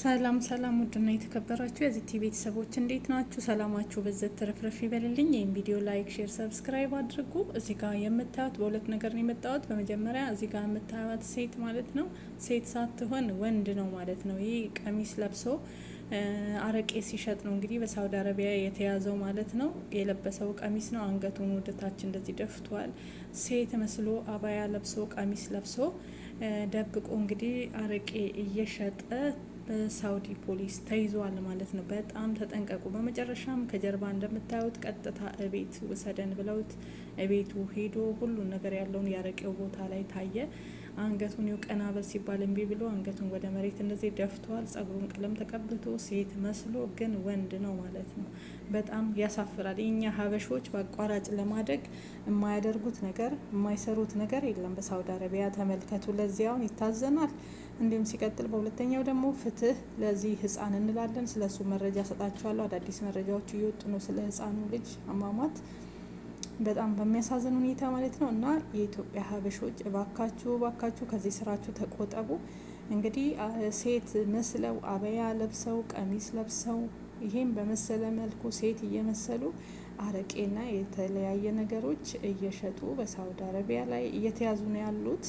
ሰላም ሰላም፣ ውድና የተከበራችሁ የዚህ ቲቪ ቤተሰቦች እንዴት ናችሁ? ሰላማችሁ በዘት ተረፍረፍ ይበልልኝ። ይህም ቪዲዮ ላይክ፣ ሼር፣ ሰብስክራይብ አድርጉ። እዚህ ጋር የምታዩት በሁለት ነገር ነው የመጣሁት። በመጀመሪያ እዚህ ጋር የምታዩት ሴት ማለት ነው፣ ሴት ሳትሆን ወንድ ነው ማለት ነው። ይህ ቀሚስ ለብሶ አረቄ ሲሸጥ ነው እንግዲህ በሳውዲ አረቢያ የተያዘው ማለት ነው። የለበሰው ቀሚስ ነው። አንገቱን ወደታች እንደዚህ ደፍቷል። ሴት መስሎ አባያ ለብሶ ቀሚስ ለብሶ ደብቆ እንግዲህ አረቄ እየሸጠ በሳውዲ ፖሊስ ተይዟል ማለት ነው። በጣም ተጠንቀቁ። በመጨረሻም ከጀርባ እንደምታዩት ቀጥታ እቤት ውሰደን ብለውት እቤቱ ሄዶ ሁሉን ነገር ያለውን ያረቄው ቦታ ላይ ታየ። አንገቱን ይው በል ሲባል እምቢ ብሎ አንገቱን ወደ መሬት እንደዚህ ደፍቷል። ጸጉሩን ቀለም ተቀብቶ ሴት መስሎ ግን ወንድ ነው ማለት ነው። በጣም ያሳፍራል። እኛ ሀበሾች በአቋራጭ ለማደግ የማያደርጉት ነገር የማይሰሩት ነገር የለም። በሳውዲ አረቢያ ተመልከቱ። ለዚያውን ይታዘናል። እንዲሁም ሲቀጥል በሁለተኛው ደግሞ ፍትህ ለዚህ ህጻን እንላለን። ስለሱ መረጃ ሰጣችኋለሁ። አዳዲስ መረጃዎች እየወጡ ነው ስለ ህጻኑ ልጅ አሟሟት በጣም በሚያሳዝን ሁኔታ ማለት ነው። እና የኢትዮጵያ ሀበሾች እባካችሁ እባካችሁ ከዚህ ስራችሁ ተቆጠቡ። እንግዲህ ሴት መስለው አበያ ለብሰው ቀሚስ ለብሰው ይሄም በመሰለ መልኩ ሴት እየመሰሉ አረቄና የተለያየ ነገሮች እየሸጡ በሳውዲ አረቢያ ላይ እየተያዙ ነው ያሉት።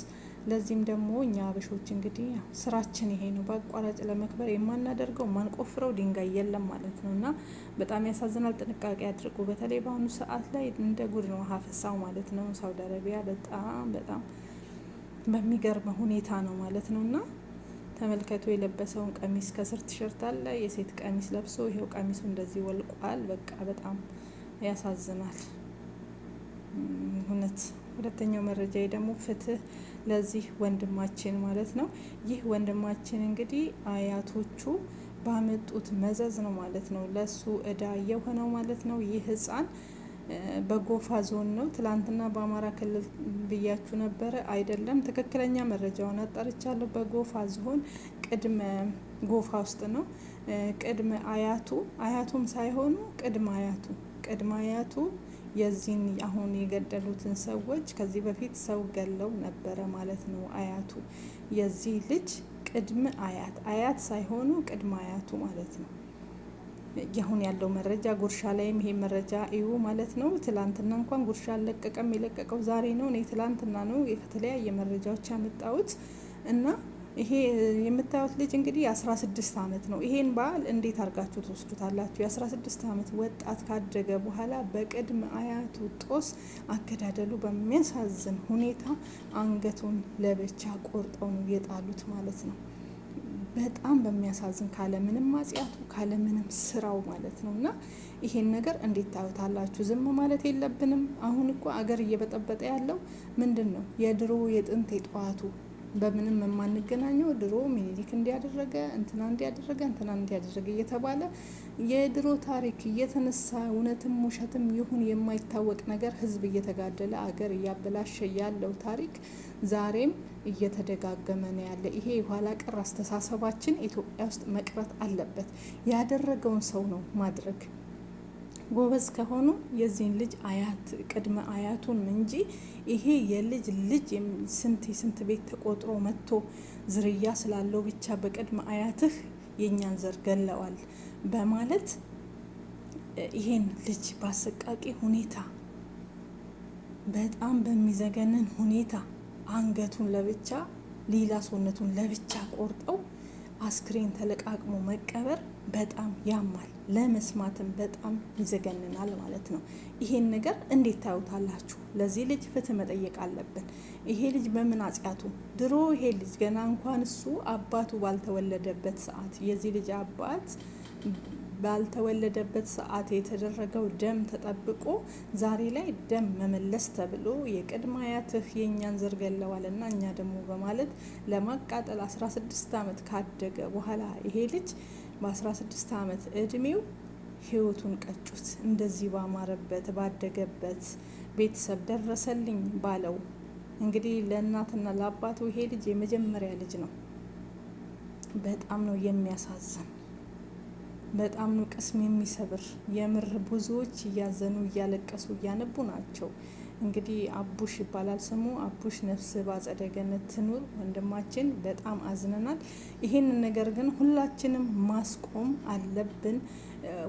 ለዚህም ደግሞ እኛ አበሾች እንግዲህ ስራችን ይሄ ነው። በአቋራጭ ለመክበር የማናደርገው ማንቆፍረው ድንጋይ የለም ማለት ነው እና በጣም ያሳዝናል። ጥንቃቄ አድርጉ። በተለይ በአሁኑ ሰዓት ላይ እንደ ጉድ ነው ሀፈሳው ማለት ነው። ሳውዲ አረቢያ በጣም በጣም በሚገርም ሁኔታ ነው ማለት ነው እና ተመልከቱ የለበሰውን ቀሚስ ከስር ቲሸርት አለ የሴት ቀሚስ ለብሶ ይሄው ቀሚሱ እንደዚህ ወልቋል። በቃ በጣም ያሳዝናል እውነት። ሁለተኛው መረጃ ደግሞ ፍትህ ለዚህ ወንድማችን ማለት ነው። ይህ ወንድማችን እንግዲህ አያቶቹ ባመጡት መዘዝ ነው ማለት ነው ለሱ እዳ የሆነው ማለት ነው። ይህ ህፃን በጎፋ ዞን ነው። ትላንትና በአማራ ክልል ብያችሁ ነበረ አይደለም? ትክክለኛ መረጃውን አጣርቻለሁ። በጎፋ ዞን ቅድመ ጎፋ ውስጥ ነው። ቅድመ አያቱ አያቱም ሳይሆኑ ቅድመ አያቱ ቅድመ አያቱ የዚህን አሁን የገደሉትን ሰዎች ከዚህ በፊት ሰው ገለው ነበረ ማለት ነው። አያቱ የዚህ ልጅ ቅድም አያት አያት ሳይሆኑ ቅድመ አያቱ ማለት ነው። አሁን ያለው መረጃ ጉርሻ ላይም ይሄ መረጃ እዩ ማለት ነው። ትላንትና እንኳን ጉርሻ አለቀቀም የለቀቀው ዛሬ ነው። እኔ ትላንትና ነው ከተለያየ መረጃዎች ያመጣሁት እና ይሄ የምታዩት ልጅ እንግዲህ የአስራ 16 ዓመት ነው። ይሄን በዓል እንዴት አድርጋችሁ ትወስዱታላችሁ? የ16 ዓመት ወጣት ካደገ በኋላ በቅድመ አያቱ ጦስ አገዳደሉ በሚያሳዝን ሁኔታ አንገቱን ለብቻ ቆርጠው ነው የጣሉት ማለት ነው። በጣም በሚያሳዝን ካለምንም ማጽያቱ ካለምንም ስራው ማለት ነው። እና ይሄን ነገር እንዴት ታዩታላችሁ? ዝም ማለት የለብንም። አሁን እኮ አገር እየበጠበጠ ያለው ምንድን ነው? የድሮ የጥንት የጠዋቱ በምንም የማንገናኘው ድሮ ሚኒሊክ እንዲያደረገ እንትና እንዲያደረገ እንትና እንዲያደረገ እየተባለ የድሮ ታሪክ እየተነሳ እውነትም ውሸትም ይሁን የማይታወቅ ነገር ህዝብ እየተጋደለ አገር እያበላሸ ያለው ታሪክ ዛሬም እየተደጋገመ ነው ያለ። ይሄ የኋላ ቀር አስተሳሰባችን ኢትዮጵያ ውስጥ መቅረት አለበት። ያደረገውን ሰው ነው ማድረግ ጎበዝ ከሆኑ የዚህን ልጅ አያት ቅድመ አያቱን እንጂ ይሄ የልጅ ልጅ ስንት የስንት ቤት ተቆጥሮ መጥቶ ዝርያ ስላለው ብቻ በቅድመ አያትህ የእኛን ዘር ገለዋል በማለት ይሄን ልጅ በአሰቃቂ ሁኔታ በጣም በሚዘገንን ሁኔታ አንገቱን ለብቻ ሌላ ሰውነቱን ለብቻ ቆርጠው አስክሬን ተለቃቅሞ መቀበር በጣም ያማል፣ ለመስማትም በጣም ይዘገንናል ማለት ነው። ይሄን ነገር እንዴት ታዩታላችሁ? ለዚህ ልጅ ፍትህ መጠየቅ አለብን። ይሄ ልጅ በምን አጽያቱ ድሮ ይሄ ልጅ ገና እንኳን እሱ አባቱ ባልተወለደበት ሰዓት የዚህ ልጅ አባት ባልተወለደበት ሰዓት የተደረገው ደም ተጠብቆ ዛሬ ላይ ደም መመለስ ተብሎ የቅድመ አያትህ የእኛን ዘር ገለዋልና እኛ ደግሞ በማለት ለማቃጠል 16 ዓመት ካደገ በኋላ ይሄ ልጅ በ16 ዓመት እድሜው ህይወቱን ቀጩት። እንደዚህ ባማረበት ባደገበት ቤተሰብ ደረሰልኝ ባለው እንግዲህ ለእናትና ለአባቱ ይሄ ልጅ የመጀመሪያ ልጅ ነው። በጣም ነው የሚያሳዝን፣ በጣም ነው ቅስም የሚሰብር። የምር ብዙዎች እያዘኑ እያለቀሱ እያነቡ ናቸው። እንግዲህ አቡሽ ይባላል ስሙ። አቡሽ ነፍስ በአጸደ ገነት ትኑር ወንድማችን፣ በጣም አዝነናል። ይህንን ነገር ግን ሁላችንም ማስቆም አለብን።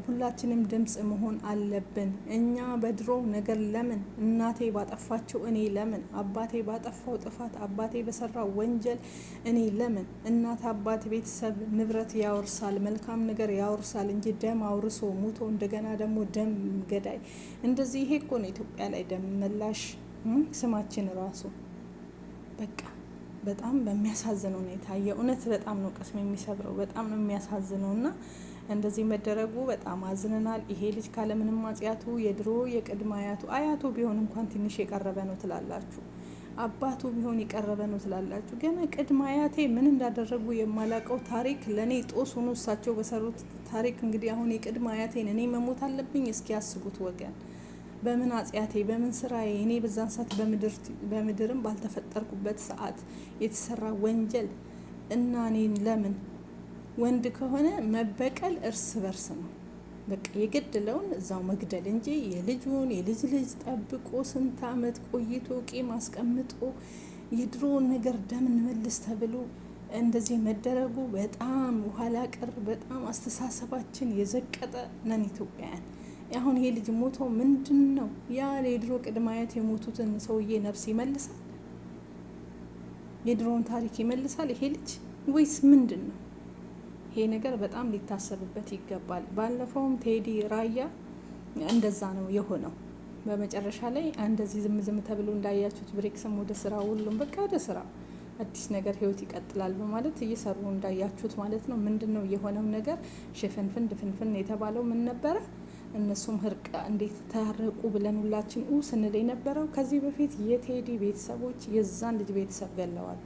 ሁላችንም ድምፅ መሆን አለብን። እኛ በድሮ ነገር ለምን እናቴ ባጠፋችው እኔ ለምን አባቴ ባጠፋው ጥፋት አባቴ በሰራው ወንጀል እኔ ለምን እናት አባት፣ ቤተሰብ፣ ንብረት ያወርሳል መልካም ነገር ያወርሳል እንጂ ደም አውርሶ ሙቶ እንደገና ደግሞ ደም ገዳይ እንደዚህ ይሄ እኮ ነው ኢትዮጵያ ላይ ደም መላሽ ስማችን ራሱ በቃ በጣም በሚያሳዝን ሁኔታ የእውነት በጣም ነው ቅስም የሚሰብረው። በጣም ነው የሚያሳዝነው እና እንደዚህ መደረጉ በጣም አዝነናል። ይሄ ልጅ ካለምንም አጽያቱ የድሮ የቅድመ አያቱ አያቱ ቢሆን እንኳን ትንሽ የቀረበ ነው ትላላችሁ፣ አባቱ ቢሆን የቀረበ ነው ትላላችሁ። ገና ቅድመ አያቴ ምን እንዳደረጉ የማላቀው ታሪክ ለእኔ ጦስ ሆኖ እሳቸው በሰሩት ታሪክ እንግዲህ አሁን የቅድመ አያቴን እኔ መሞት አለብኝ። እስኪ ያስቡት ወገን በምን አጽያቴ በምን ስራዬ እኔ በዛን ሰዓት በምድርም ባልተፈጠርኩበት ሰዓት የተሰራ ወንጀል እና እኔን ለምን ወንድ ከሆነ መበቀል እርስ በርስ ነው። በቃ የገደለውን እዛው መግደል እንጂ የልጁን የልጅ ልጅ ጠብቆ ስንት አመት ቆይቶ ቂም አስቀምጦ የድሮውን ነገር ደም እንመልስ ተብሎ እንደዚህ መደረጉ በጣም ኋላ ቀር፣ በጣም አስተሳሰባችን የዘቀጠ ነን ኢትዮጵያውያን። አሁን ይሄ ልጅ ሞቶ ምንድን ነው ያ የድሮ ቅድመ አያት የሞቱትን ሰውዬ ነፍስ ይመልሳል? የድሮውን ታሪክ ይመልሳል ይሄ ልጅ ወይስ ምንድን ነው? ይሄ ነገር በጣም ሊታሰብበት ይገባል። ባለፈውም ቴዲ ራያ እንደዛ ነው የሆነው። በመጨረሻ ላይ እንደዚህ ዝም ዝም ተብሎ እንዳያችሁት ብሬክስም ወደ ስራ ሁሉም በቃ ወደ ስራ አዲስ ነገር ህይወት ይቀጥላል በማለት እየሰሩ እንዳያችሁት ማለት ነው። ምንድን ነው የሆነው ነገር ሽፍንፍን ድፍንፍን የተባለው ምን ነበረ? እነሱም ህርቅ እንዴት ታረቁ ብለን ሁላችን ኡ ስንል የነበረው ከዚህ በፊት የቴዲ ቤተሰቦች የዛን ልጅ ቤተሰብ ገለዋሉ።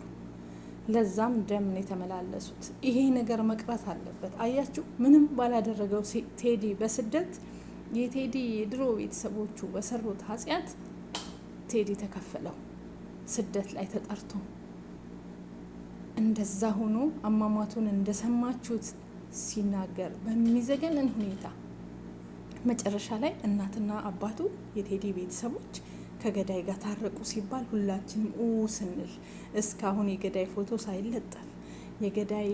ለዛም ደም ነው የተመላለሱት። ይሄ ነገር መቅረት አለበት። አያችሁ፣ ምንም ባላደረገው ቴዲ በስደት የቴዲ የድሮ ቤተሰቦቹ በሰሩት ኃጢአት ቴዲ ተከፈለው ስደት ላይ ተጠርቶ እንደዛ ሆኖ አሟሟቱን እንደሰማችሁት ሲናገር በሚዘገንን ሁኔታ መጨረሻ ላይ እናትና አባቱ የቴዲ ቤተሰቦች ከገዳይ ጋር ታረቁ ሲባል ሁላችንም ኡ ስንል እስካሁን የገዳይ ፎቶ ሳይለጠፍ የገዳይ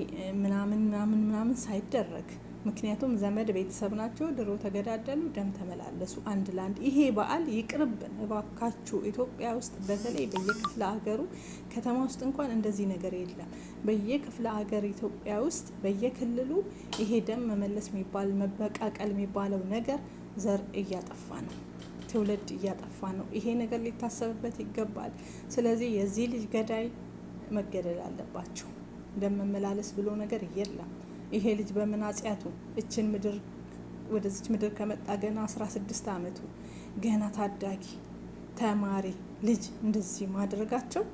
ምናምን ምናምን ምናምን ሳይደረግ ምክንያቱም ዘመድ ቤተሰብ ናቸው። ድሮ ተገዳደሉ፣ ደም ተመላለሱ አንድ ለአንድ። ይሄ በዓል ይቅርብን እባካችሁ። ኢትዮጵያ ውስጥ በተለይ በየክፍለ ሀገሩ ከተማ ውስጥ እንኳን እንደዚህ ነገር የለም። በየክፍለ ሀገር ኢትዮጵያ ውስጥ በየክልሉ ይሄ ደም መመለስ የሚባል መበቃቀል የሚባለው ነገር ዘር እያጠፋ ነው። ትውልድ እያጠፋ ነው። ይሄ ነገር ሊታሰብበት ይገባል። ስለዚህ የዚህ ልጅ ገዳይ መገደል አለባቸው። እንደመመላለስ ብሎ ነገር የለም። ይሄ ልጅ በምን አጽያቱ እችን ምድር ወደዚች ምድር ከመጣ ገና አስራ ስድስት አመቱ ገና ታዳጊ ተማሪ ልጅ እንደዚህ ማድረጋቸው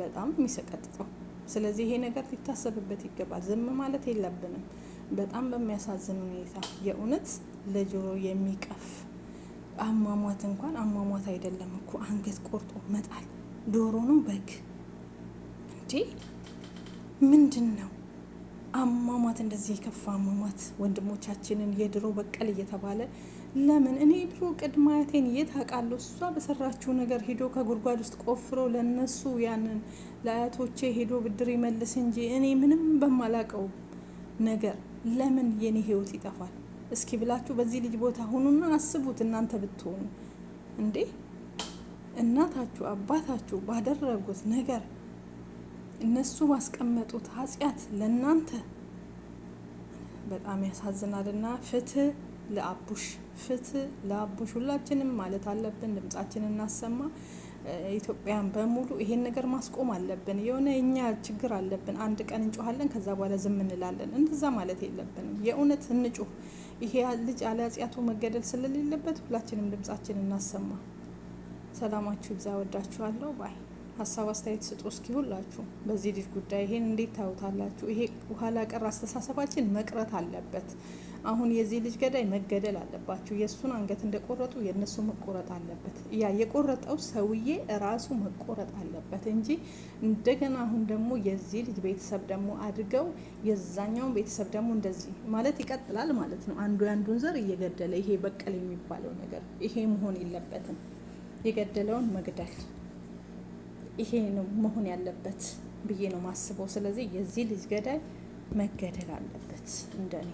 በጣም የሚሰቀጥጠው። ስለዚህ ይሄ ነገር ሊታሰብበት ይገባል። ዝም ማለት የለብንም። በጣም በሚያሳዝን ሁኔታ የእውነት ለጆሮ የሚቀፍ አሟሟት እንኳን አሟሟት አይደለም እኮ አንገት ቆርጦ መጣል። ዶሮ ነው በግ እንዴ? ምንድን ነው አሟሟት? እንደዚህ የከፋ አሟሟት ወንድሞቻችንን የድሮ በቀል እየተባለ ለምን እኔ ድሮ ቅድመ አያቴን የት አውቃለሁ? እሷ በሰራችው ነገር ሄዶ ከጉድጓድ ውስጥ ቆፍሮ ለነሱ ያንን ለአያቶቼ ሄዶ ብድር ይመልስ እንጂ እኔ ምንም በማላውቀው ነገር ለምን የኔ ህይወት ይጠፋል? እስኪ ብላችሁ በዚህ ልጅ ቦታ ሁኑና አስቡት። እናንተ ብትሆኑ እንዴ እናታችሁ አባታችሁ ባደረጉት ነገር እነሱ ባስቀመጡት ኃጢአት ለእናንተ በጣም ያሳዝናልና ፍትህ ለአቡሽ ፍትህ ለአቡሽ። ሁላችንም ማለት አለብን፣ ድምጻችን እናሰማ። ኢትዮጵያን በሙሉ ይሄን ነገር ማስቆም አለብን። የሆነ እኛ ችግር አለብን፣ አንድ ቀን እንጮኋለን፣ ከዛ በኋላ ዝም እንላለን። እንደዛ ማለት የለብንም። የእውነት እንጩህ ይሄ ልጅ አለያጽያቱ መገደል ስለሌለበት ሁላችንም ድምጻችን እናሰማ። ሰላማችሁ ይብዛ። ወዳችኋለሁ ባይ ሀሳብ አስተያየት ስጡ እስኪ ሁላችሁ በዚህ ልጅ ጉዳይ ይሄን እንዴት ታዩታላችሁ? ይሄ ኋላ ቀር አስተሳሰባችን መቅረት አለበት። አሁን የዚህ ልጅ ገዳይ መገደል አለባቸው። የእሱን አንገት እንደቆረጡ የእነሱ መቆረጥ አለበት። ያ የቆረጠው ሰውዬ ራሱ መቆረጥ አለበት እንጂ እንደገና አሁን ደግሞ የዚህ ልጅ ቤተሰብ ደግሞ አድገው የዛኛውን ቤተሰብ ደግሞ እንደዚህ ማለት ይቀጥላል ማለት ነው። አንዱ የአንዱን ዘር እየገደለ ይሄ በቀል የሚባለው ነገር ይሄ መሆን የለበትም። የገደለውን መግደል ይሄ ነው መሆን ያለበት ብዬ ነው ማስበው። ስለዚህ የዚህ ልጅ ገዳይ መገደል አለበት እንደኔ